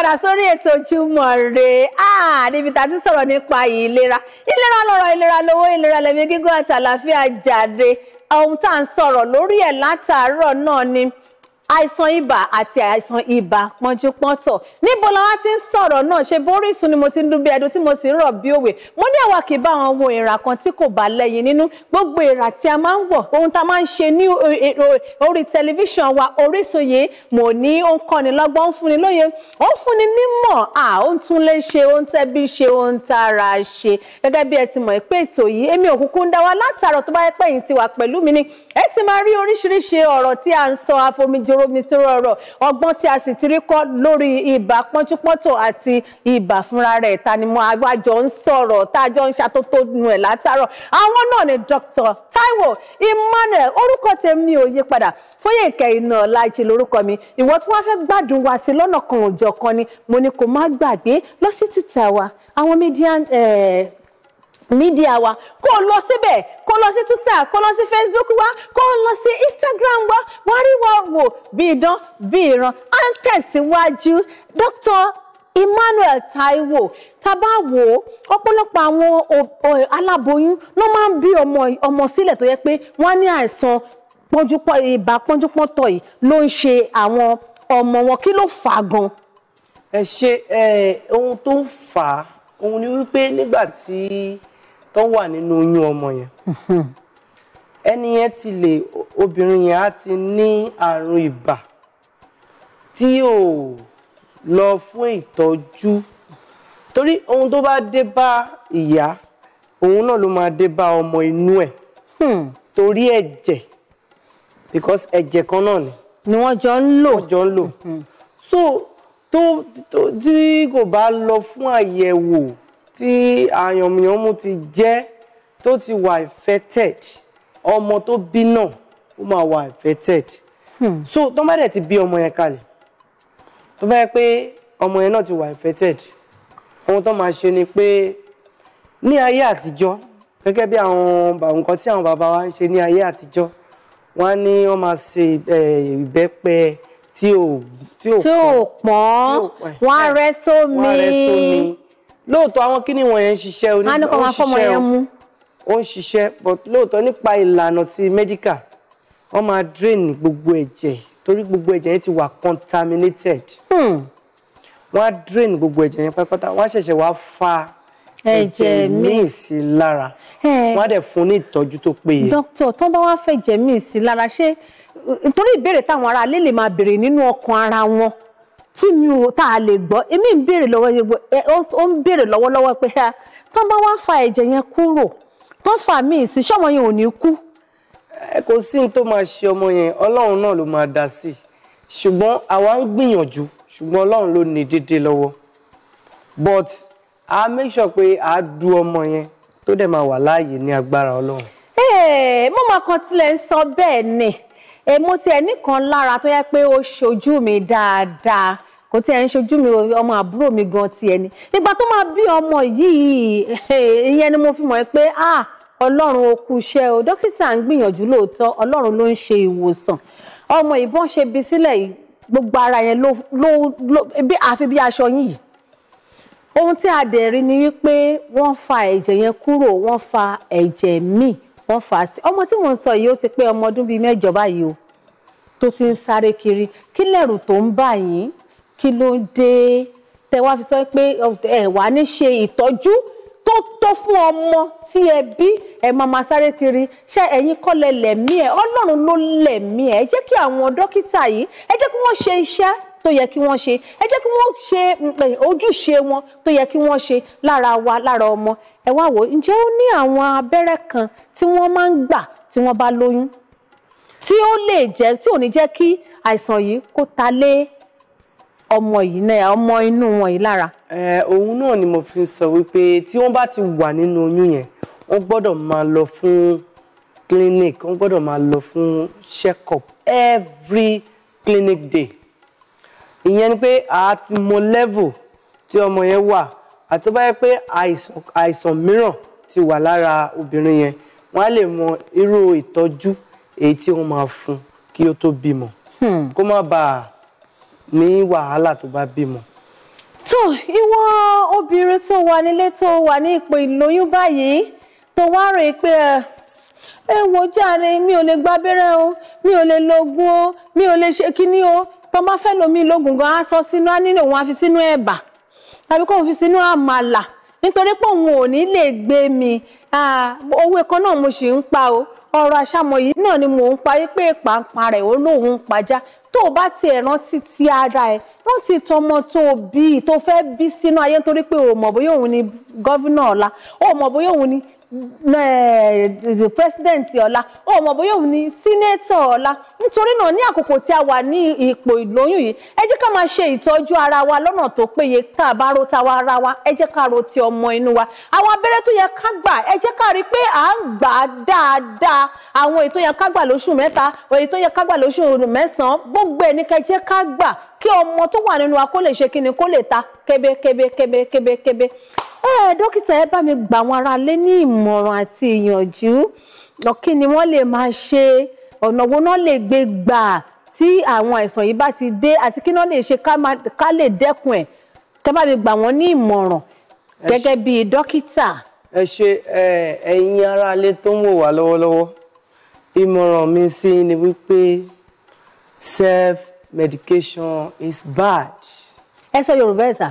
padà sórí ètò Ojúmọ́ Ire ah, níbi tá a ti sọ̀rọ̀ nípa ìlera ìlera lọ́rọ̀ ìlera lówó ìlera lẹ́mí gígùn àti àlàáfíà jáde ohun tá à ń sọ̀rọ̀ lórí ẹ̀ látàárọ̀ náà ni àìsàn ibà àti àìsàn ibà pọ́njúpọ́ntọ̀ níbo làwọn ti ń sọ̀rọ̀ náà ṣe bórísun ni mo ti ń dún bí ẹdun tí mo sì ń rọ̀ bí òwe mo ní àwa kì í bá wọn wo ìrà kan tí kò bá lẹ́yìn nínú gbogbo ìrà tí a máa ń wọ̀ ohun tá a máa ń ṣe ní eh, eh, orí tẹlifíṣàn wa Orísun yìí mo ní ó ń kọ́ni lọ́gbọ́n ó ń fúnni lóye ó ń fúnni nímọ̀ à ó ń tún lè ṣe ó ń tẹ́bí ṣe ó ń tara ṣe gẹ́gẹ́ bí ẹ ti mọ̀ pé ètò yìí èmi òkùnkùn ń dá wa látàrọ̀ tó bá yẹ pẹ́yìn tiwa pẹ̀lú mi ni ẹ sì máa rí oríṣiríṣi ọ̀rọ̀ tí à ń sọ àfomijoro omi tí rọrọ ọgbọ́n tí a sì ti rí kọ́ lórí ibà pọ́njúpọ́ntọ̀ àti ibà fúnra rẹ̀ tanimọ̀ àwájọ ń sọ̀rọ̀ tájọ ń ṣàtótó nu ẹ̀ látàárọ̀ àwọn náà ni Dr. Taiwo Emmanuel orúkọ tèmi ò yí padà Foyeke Inaolaji lórúkọ mi ìwọ tí wọ́n fẹ́ gbádùn wá sí lọ́nà kan òjọ̀ kan ni mo ní kó má gbàgbé lọ sí títà wa àwọn media eh, mídíà wa kó lọ síbẹ̀ kó lọ sí twitter kó lọ sí facebook wa kó lọ sí instagram wa wá rí wa wò bí idán bí ìran à ń tẹ̀síwájú dr Emmanuel Taiwo tá wo wò ó ọ̀pọ̀lọpọ̀ àwọn aláboyún ló máa ń bí ọmọ sílẹ̀ tó yẹ pé wọ́n ní àìsàn pọ́njúpọ́ ibà pọ́njúpọ́ntọ̀ yìí ló ń ṣe àwọn ọmọ wọn kí ló fà á gan. ẹ ṣe ohun tó ń fà á òun ni wípé nígbà tí tó wà nínú oyún ọmọ yẹn ẹni yẹn ti lè obìnrin yẹn á ti ní àrùn ibà tí ò lọ fún ìtọ́jú torí ohun tó bá dé bá ìyá òun náà ló máa dé bá ọmọ inú ẹ̀ hmm. torí ẹ̀jẹ̀ because ẹ̀jẹ̀ kan náà ni. ni wọ́n jọ ń lò. wọ́n jọ ń lò. Hmm. so tó tí kò bá lọ fún àyẹ̀wò tí àyànmùyànmù ti jẹ́ tó ti wà infected ọmọ tó bí náà ó máa wà infected hmm. so tó bá dẹ̀ ti bí ọmọ yẹn kalẹ̀ tó bá yẹ pé ọmọ yẹn náà ti wà infected ohun tó máa ṣe ni pé ní ayé àtijọ́ gẹ́gẹ́ bí àwọn nǹkan tí àwọn bàbá wa ń ṣe ní ayé àtijọ́ wọ́n á ní wọ́n máa ṣe eh, ìbẹ́pẹ tí ò pọ́n wọ́n á rẹ́ sómi lóòótọ́ àwọn kíní wọ̀nyẹn ń ṣiṣẹ́ oní ó ń ṣiṣẹ́ ó ń ṣiṣẹ́ but lóòótọ́ nípa ìlànà ti medical wọ́n máa drain gbogbo ẹ̀jẹ̀ torí gbogbo ẹ̀jẹ̀ yẹn ti wà contaminated hmm. wọ́n á drain gbogbo ẹ̀jẹ̀ yẹn pátápátá wọ́n á ṣẹ̀ṣẹ̀ wá fa ẹ̀jẹ̀ míì sí lára wọ́n á dẹ̀ fún ní ìtọ́jú tó péye. dókítà tó bá wá fẹ̀jẹ̀ míì sí lára ṣé nítorí ìbéèrè táwọn ará alẹ́ lè máa béèrè nínú ọkàn ara wọn tí mi ò tá a lè gbọ́ èmi ń béèrè lọ́wọ́ yẹn gbọ́ ẹ ó ń béèrè lọ́wọ́lọ́wọ́ pé ha tó bá wá fa ẹ̀jẹ̀ yẹn kúrò tó fà mí sí ṣọmọ yẹn ò ní kú. ẹ kò sí ní tó máa ṣe ọmọ yẹn ọlọ́run náà ló máa dá sí i ṣùgbọ́n àwa ń gbìyànjú ṣùgbọ́n ọlọ́run ló ní dédé lọ́wọ́ but a make sure pé a du ọmọ yẹn tó dẹ̀ máa wà láàyè ní agbára ọlọ́run. ẹ̀ẹ́ mo máa kan tilẹ̀ ń sọ bẹ́ẹ̀ ni èmo tiẹ̀ nìkan lára tó yẹ pé ó ṣojú mi dáadáa kò tí ẹ̀ ń ṣojú mi ọmọ àbúrò mi gan ti ẹni nígbà tó máa bí ọmọ yìí ìyẹn ni mo fi mọ̀ pé ah ọlọ́run ó kú iṣẹ́ o dókítà ń gbìyànjú lóòótọ́ ọlọ́run ló ń ṣe ìwòsàn ọmọ ìbọn ṣe bí sílẹ̀ yìí gbogbo ara yẹn ló ló ló bí àfi bí aṣọ yín yìí ohun tí a dẹ̀ rí ni wípé wọ́n fa ẹ̀jẹ̀ yẹn kúrò wọ́n fa ẹ̀jẹ̀ míì wọ́n fà á sí ọmọ tí mò ń sọ yìí ó ti pé ọmọ ọdún bíi mẹ́jọ báyìí o tó ti ń sáré kiri kí lẹ̀rù tó ń bà yín kí ló dé tẹ wá fi sọ pé ẹ wà ní ṣe ìtọ́jú tó tó fún ọmọ tí ẹ bí ẹ máa máa sáré kiri ṣé ẹ̀yin kọ́ lẹ lẹ̀mí ẹ ọlọ́run ló lẹ̀mí ẹ ẹ jẹ́ kí àwọn dókítà yìí ẹ jẹ́ kí wọ́n ṣe iṣẹ́ tó yẹ kí wọ́n ṣe ẹ jẹ́ kí wọ́n ṣe ojúṣe wọn tó yẹ kí wọ́n ṣe lára wa lára ọmọ ẹ wá wò ǹjẹ́ ó ní àwọn abẹ́rẹ́ kan tí wọ́n máa ń gbà tí wọ́n bá lóyún tí ó lè jẹ́ tí ò ní jẹ́ kí àìsàn yìí kó ta lé ọmọ yìí náà ọmọ inú wọn yìí lára. òun náà ni mo fi sọ wípé tí wọ́n bá ti wà nínú oyún yẹn wọ́n gbọ́dọ̀ máa lọ fún clinic wọ́n gbọ́dọ̀ máa lọ fún check up every clinic day ìyẹn ni pé a ti mọ level tí ọmọ yẹn wà àti bá yẹ pé àìsàn mìíràn ti wà lára obìnrin yẹn wọ́n á lè mọ irú ìtọ́jú èyí tí wọ́n máa fún kí ó tó bímọ hmm. kó má bàa ní wàhálà tó bá bímọ. tó ìwọ obìnrin tó wà nílé tó wà ní ipò ìlóyún báyìí tó wá rè pé ẹ wò jàre mi ò lè gba o mi ò lè lo o mi ò lè ṣe kinní o tó bá fẹ́ lomi lóògùn gan á sọ sínú á nílò òun á fi sínú ẹ̀bà tàbí kóun fi sínú àmàlà nítorí pé òun ò ní lè gbé mi owó kan náà mo sì ń pa o ọ̀rọ̀ àṣàmọ̀ yìí náà ni mò ń parí pé pàǹpà rẹ̀ ó lóun pajá tó o bá tiẹ̀ rántí ti ara ẹ̀ rántí tọmọ tó o bí tó fẹ́ bí sínú ayé nítorí pé o mọ̀ bóyá òun ni gọ́vínà ọ̀la o mọ̀ bóyá òun ni Eh, president ọ̀la ó mọ̀ bóyá òun ni senator ọ̀la nítorí náà ní àkókò tí a wà ní ipò ìlóyún yìí ẹ jẹ́ ká máa ṣe ìtọ́jú ara wa lọ́nà tó péye tá a bá ro ta wa ara wa ẹ jẹ́ ká ro ti ọmọ inú wa àwọn abẹ́rẹ́ tó yẹ ká gbà ẹ jẹ́ ká rí i pé à ń gbà á dáadáa àwọn èyí tó yẹ ká gbà lóṣù mẹ́ta èyí tó yẹ ká gbà lóṣù mẹ́sàn gbogbo ẹ̀ ní ká jẹ́ ká gbà kí ọmọ tó wà nínú wa kó lè ṣe kí kó lè ta kébékébékébékébé ẹ dókítà ẹ bá mi gbà àwọn aráalé ní ìmọ̀ràn àti ìyànjú kí ni wọ́n lè máa ṣe ọ̀nà wo náà lè gbé gbà tí àwọn àìsàn yìí bá ti dé àti kí náà lè ṣe ká lè dẹ́kun ẹ̀ kẹ́ bá mi gbà wọ́n ní ìmọ̀ràn gẹ́gẹ́ bí dókítà. ẹ ṣe ẹ̀yin aráalé tó ń wò wá lọ́wọ́lọ́wọ́ ìmọ̀ràn mi sí ni wípé self medication is bad. ẹ sọ yorùbá ẹ sà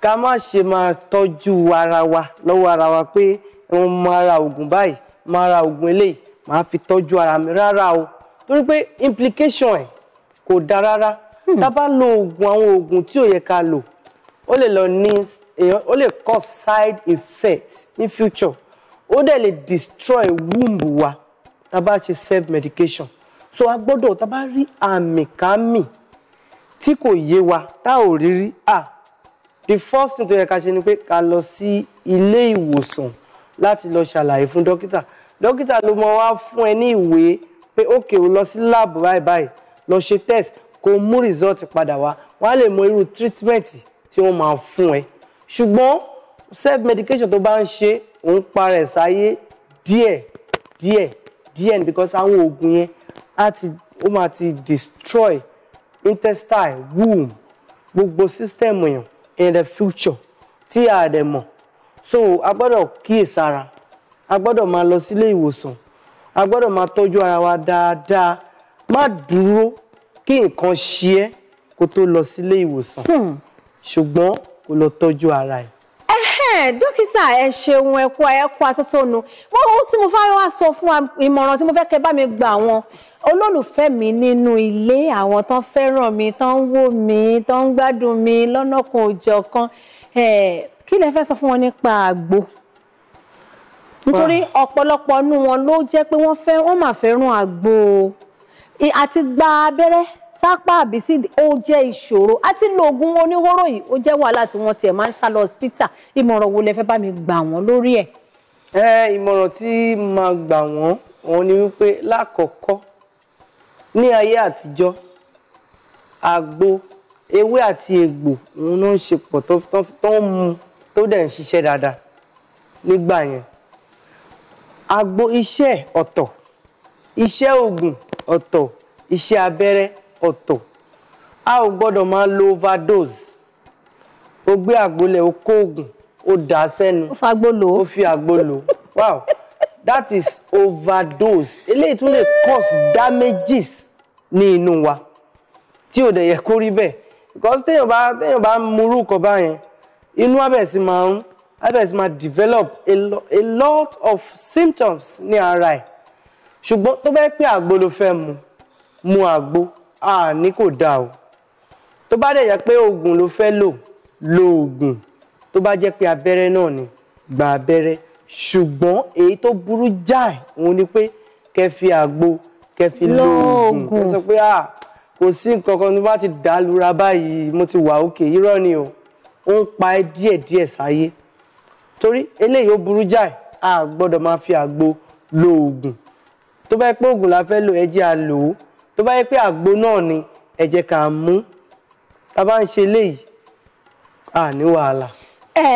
ká má ṣe máa tọ́jú ara wa lọ́wọ́ ara wa pé wọ́n máa ra oògùn báyìí máa ra oògùn eléyìí máa fi tọ́jú ara mi rárá o torí pé implication ẹ̀ kò da rárá hmm. tá a bá lo oògùn àwọn oògùn tí ò yẹ ká lò ó lè lọ ní ó lè cause side effect ní future ó dẹ̀ lè destroy womb wa tá a bá ṣe self medication so a gbọ́dọ̀ tá a bá rí àmì kámì tí kò yé wa tá ò rí rí ah the first thing tó yẹ ká ṣe ni pé ká lọ sí ilé ìwòsàn láti lọ ṣàlàyé fún dókítà dókítà ló mọ wá fún ẹ ní ìwé pé òkè o lọ sí lab báyìí báyìí lọ ṣe test kó mú result padà wá wọ́n á lè mọ irú treatment tí wọ́n máa fún ẹ ṣùgbọ́n self medication tó bá ń ṣe òun para ẹ̀ sáyé díẹ̀ díẹ̀ díẹ̀ because àwọn oògùn yẹn á ti ó máa ti destroy intestine womb gbogbo system èèyàn in the future tí a dẹ̀ mọ̀ so a gbọ́dọ̀ kíyèsára a gbọ́dọ̀ máa lọ sílé ìwòsàn a gbọ́dọ̀ máa tọ́jú ara wa dáadáa má dúró kí nǹkan ṣe é kó tó lọ sílé ìwòsàn hmm. ṣùgbọ́n kó lọ tọ́jú ara ẹ̀. Eh, dókítà ẹ ṣeun ẹ kú ẹ kú atótónu wọn ohun tí mo fẹ́ wá sọ fún ìmọ̀ràn tí mo fẹ́ kẹ́ bá mi gbà wọn olólùfẹ́ mi nínú ilé àwọn tán fẹ́ràn mi tán ń wò mí tán ń gbádùn mi lọ́nà kan òjọ̀kan eh, kí lẹ fẹ́ sọ fún wọn nípa àgbo nítorí ọ̀pọ̀lọpọ̀ nínú wọn ló jẹ́ pé wọ́n fẹ́ wọ́n máa fẹ́ràn àgbo àti gba abẹ́rẹ́ sápá àbísí ó jẹ́ ìṣòro àti lóògùn oníhóró yìí ó jẹ́ wàhálà tí wọ́n tiẹ̀ máa ń sá lọ hospital ìmọ̀ràn wo lẹ fẹ́ bá mi gbà wọ́n lórí ẹ̀. ẹ ìmọ̀ràn tí máa gbà wọ́n òun ni wípé lákọ̀ọ́kọ́ ní ayé àtijọ́ àgbo ewé àti egbò òun ló ń ṣe pọ̀ tó ń mu tó dẹ̀ ń ṣiṣẹ́ dáadáa nígbà yẹn àgbo iṣẹ́ ọ̀tọ̀ iṣẹ́ oògùn ọ̀tọ̀ iṣẹ́ abẹ́rẹ́ ọ̀tọ̀ a ò gbọ́dọ̀ máa lo overdose o gbé àgbólẹ̀ o kó oògùn o dà á sẹ́nu o fi àgbo o fi àgbo wow that is overdose eléyìí tún lè cause damages ní inú wa tí ò dẹ̀ yẹ kó rí bẹ́ẹ̀ because téèyàn bá téèyàn bá murú kọ báyẹn inú abẹ̀ sì máa ń abẹ̀ sì máa develop a, lot of symptoms ní ara ẹ̀ ṣùgbọ́n tó bá pé àgbo fẹ́ mu mu àgbo a ní kò dáa o tó bá dẹ̀ yẹ pé oògùn ló fẹ́ lò lo oògùn tó bá jẹ́ pé abẹ́rẹ́ náà ni gba abẹ́rẹ́ ṣùgbọ́n èyí tó burú jáì òun ni pé kẹ́ fi àgbo kẹ́ fi lo oògùn kẹ́ sọ pé ah kò sí nǹkan kan tó bá ti dà lura báyìí mo ti wà òkè irọ́ ni o ó ń pa ẹ́ díẹ̀díẹ̀ sáyé torí eléyìí ó burú jáì a gbọ́dọ̀ máa fi àgbo lo oògùn tó bá yẹ pé oògùn la fẹ́ lò ẹ jẹ́ a lò ó tó bá yẹ pé àgbo náà ni ẹ jẹ́ ká mú tá a bá ń ṣe léyìí à ní wàhálà. ẹ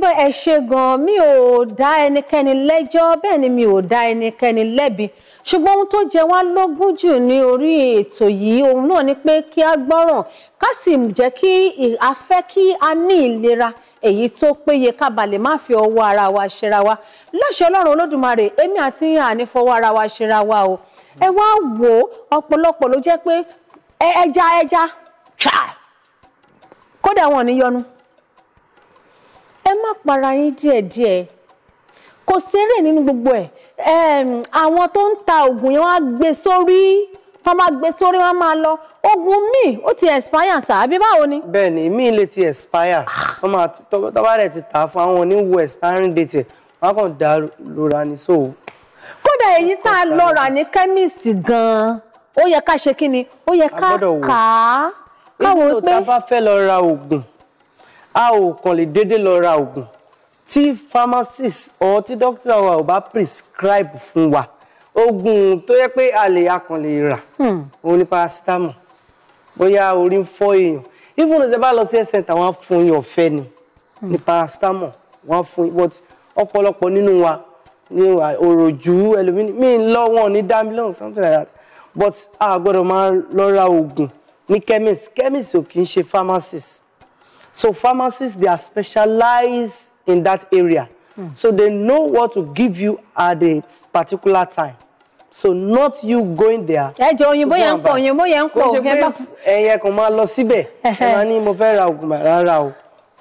bó ẹ ṣe gan-an mi ò dá ẹnikẹ́ni lẹ́jọ́ bẹ́ẹ̀ ni mi ò dá ẹnikẹ́ni lẹ́bi ṣùgbọ́n ohun tó jẹ wá lógún jù ní orí ètò yìí ohun náà ni pé kí a gbọ́ràn ká sì jẹ́ kí a fẹ́ kí a ní ìlera èyí tó péye ká ba lè má fi ọwọ́ ara wa ṣera wa láṣẹ ọlọ́run olódùmarè èmi àti yín àní fọwọ́ ara wa ṣera wa o ẹ wá wò ó ọ̀pọ̀lọpọ̀ ló jẹ́ pé ẹja ẹja chai kódà wọn ò ní yọnu ẹ má para yín díẹ̀díẹ̀ kò sérè nínú gbogbo ẹ àwọn tó ń ta oògùn yẹn wọn á gbé sórí wọn máa gbé sórí wọn máa lọ oògùn míì ó ti expire sàbí báwo ni. bẹ́ẹ̀ni míì lè ti expire ah. wọn máa tọba ti tà fún àwọn oníwò expiring date wọn á kàn dá lóra ní so kódà èyí tá a lọ rà ní chemist gan-an ó yẹ ká ṣe kí ni ó yẹ ká kà á káwọn pé. ètò tá a bá fẹ́ lọ ra oògùn a ò kàn lè déédéé lọ ra oògùn tí pharmacist or tí dókítà wa ò bá prescribe fún wa oògùn tó yẹ pé a lè a kàn lè rà hmm. òun ni paracetamol bóyá orí ń fọ́ èèyàn even if ẹ bá lọ sí health center wọn á fún yín ọ̀fẹ́ ni ni hmm. paracetamol wọn á fún yín but ọ̀pọ̀lọpọ̀ nínú wa ní òròjú ẹlòmíì mi ń lọ wọn ní damilon something like that but a gbọ́dọ̀ máa lọ ra oògùn ní chemist chemist ò kì í ṣe pharmacist so pharmacists they are specialized in that area mm. so they know what to give you at a particular time so not you going there. ẹ òyìnbó yẹn ń pọ òyìnbó yẹn ń pọ. ẹyẹ kan máa lọ síbẹ̀ ẹ máa ní mo fẹ́ ra oògùn rárá o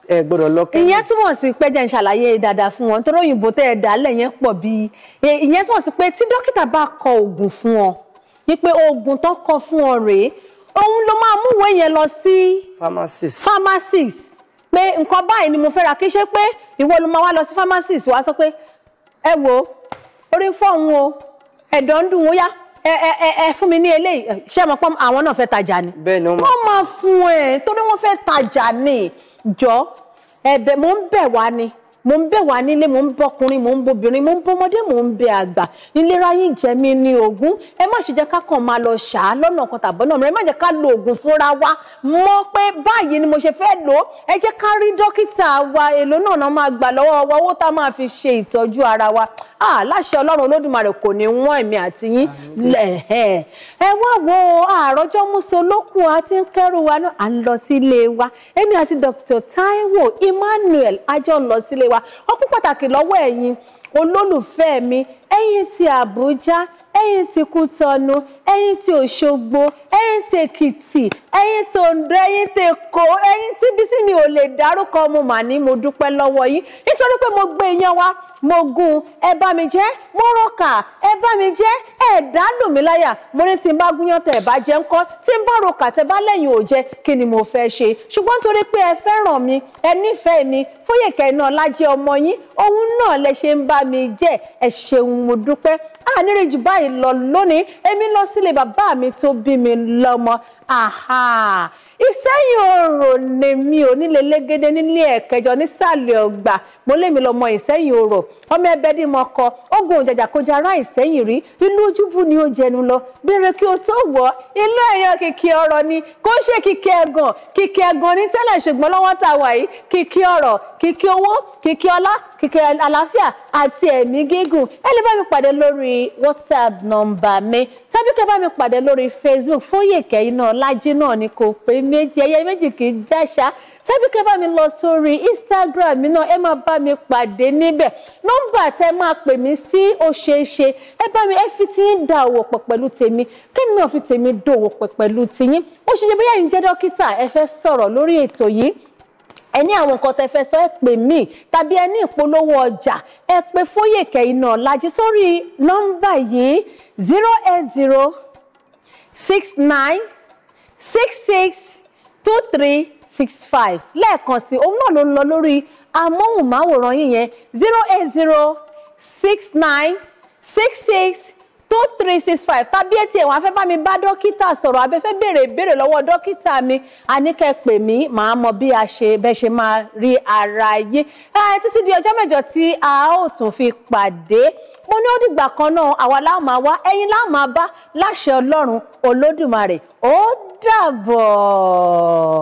ẹ gbọ́dọ̀ lọ kẹ́yìn. ìyẹn túmọ̀ sí pé jẹ́ ń ṣàlàyé dáadáa fún wọn nítorí òyìnbó tẹ́ ẹ dálẹ̀ yẹn pọ̀ bí ìyẹn túmọ̀ sí pé tí dókítà bá kọ oògùn fún ọ wípé oògùn tó kọ fún ọ rèé òun ló máa múwèé yẹn lọ sí pharmacist pharmacist pé nǹkan báyìí ni mo fẹ́ ra kí ṣe pé ìwọ ló máa wá lọ sí pharmacist wàá sọ pé ẹ wo orí ń fọ́ òun o ẹ̀dọ̀ ń dùn ó yá ẹ ẹ ẹ ẹ fún mi ní eléyìí ṣé mo pọ́n àwọn náà fẹ́ tajà ni. bẹ́ẹ̀ ni wọ́n máa fún ẹ torí wọ́n fẹ́ tajà ni jọ ẹ̀bẹ̀ mò ń bẹ̀ wá ni mo ń bẹ̀ wá nílé mo ń bọ́kùnrin mo ń bobìnrin mo ń bọ́mọdé mo ń bẹ àgbà ìlera yín jẹ mí ní ogún ẹ má ṣe jẹ́ ká kàn máa lọ ṣá lọ́nà kan tàbí ọ̀nà ẹ má jẹ́ ká lo oògùn fúnra wa mọ̀ pé báyìí ni mo ṣe fẹ́ lò ó ẹ jẹ́ ká rí dókítà wa èlò náà náà máa gbà lọ́wọ́ wa owó tá a máa fi ṣe ìtọ́jú ara wa láṣẹ ọlọ́run olódùmarè kò ní wọ́n èmi àti yín lẹ́hẹ̀ ẹ wá wo àròjọ́ múso lókun àti kẹ́rù wa náà à ń lọ sílé wa èmi àti Dr. Taiwo Emmanuel àjọ ń lọ sílé wa ọkùn pàtàkì lọ́wọ́ ẹ̀yin olólùfẹ́ mi ẹ̀yin ti Àbújá ẹ̀yin ti Kútọ́nù ẹ̀yin ti Òṣogbo ẹ̀yin ti Èkìtì ẹ̀yin tó ń dẹ ẹ̀yin tó kó ẹ̀yin tíbi tí mi ò lè dárúkọ mo mà ní mo dúpẹ́ lọ́wọ́ yín nítorí pé mo gbé iyán wá mo gun ẹ bá mi jẹ mo rọkà ẹ bá mi jẹ ẹ dádùn mí láyà mo ní tí n bá gúnyán tẹ ẹ bá jẹ ńkọ́ tí n bá rọkà tẹ bá lẹ́yìn ò jẹ kí ni mo fẹ́ ṣe ṣùgbọ́n torí pé ẹ fẹ́ràn mi ẹ nífẹ̀ẹ́ mi Fóyèkẹ́ Inaọlájí ọmọ yín òun náà lẹ ṣe ń bá mi jẹ ẹ ṣeun mo dúpẹ́ àníríjì báyìí lọ lónìí èmi lọ sílé bàbá mi tó bí mi lọ́mọ ìsẹ́yìn orò lèmi ò nílé légédé nílé ẹ̀kẹjọ nísàlẹ̀ ọgbà mo lémi lọmọ ìsẹ́yìn orò ọmọ ẹbẹ ní mo kọ ogun òjàjà kò jara ìsẹ́yìn rí ìlú ojúbù ni ó jẹnu lọ béèrè kí o tó wọ̀ ilé ẹ̀yọ kìkì ọ̀rọ̀ ni kò ṣe kìkì ẹ̀gàn kìkì ẹ̀gàn ní tẹ́lẹ̀ ṣùgbọ́n lọ́wọ́ tá wà yìí kìkì ọ̀rọ̀ kìkì owó kìkì ọlá kìkì àlàáfíà àti ẹ̀mí gígùn ẹ lè bá mi pàdé lórí whatsapp nọ́mbà mi tàbí kẹ́ bá mi pàdé lórí facebook Foyeke Inaolaji náà ni kò pé méjì ẹyẹ méjì kì í dáṣà tàbí kẹ́ bá mi lọ sórí instagram mi náà ẹ máa bá mi pàdé níbẹ̀ nọ́mbà tẹ́ máa pè mí sí ó ṣeé ṣe ẹ bá mi ẹ fi ti ń da òwò pọ̀ pẹ̀lú tèmi kémi náà fi tèmi dòwò pọ̀ pẹ̀lú tiyín ó ṣe ṣe bóyá ìjẹ́ dókítà ẹ fẹ́ sọ̀rọ̀ lórí ètò yìí ẹ ní àwọn nǹkan tẹ́ fẹ́ sọ ẹ pè mí tàbí ẹ ní ìpolówó ọjà ẹ pè Foyeke Inaolaji sórí nọ́mbà yìí zero eight zero six nine six six two three six five lẹ́ẹ̀kan sí òun náà ló ń lọ lórí amóhùnmáwòrán yìí zero eight zero six nine six six two three six five tàbí etí ẹ̀wọ̀n afẹ́ mi bá dókítà sọ̀rọ̀ abẹ́fẹ́ béèrè ìbéèrè lọ́wọ́ dókítà mi àníkẹ́ mi mí màá mọ bí a ṣe bẹ́ ṣe máa rí ara yé títí di ọjọ́ mẹ́jọ tí a ó tún fi pàdé mo ní ó dìgbà kan náà àwa láà máa wá ẹ̀yin láà bá láṣẹ Ọlọ́run Olódùmarè ó dàbọ̀.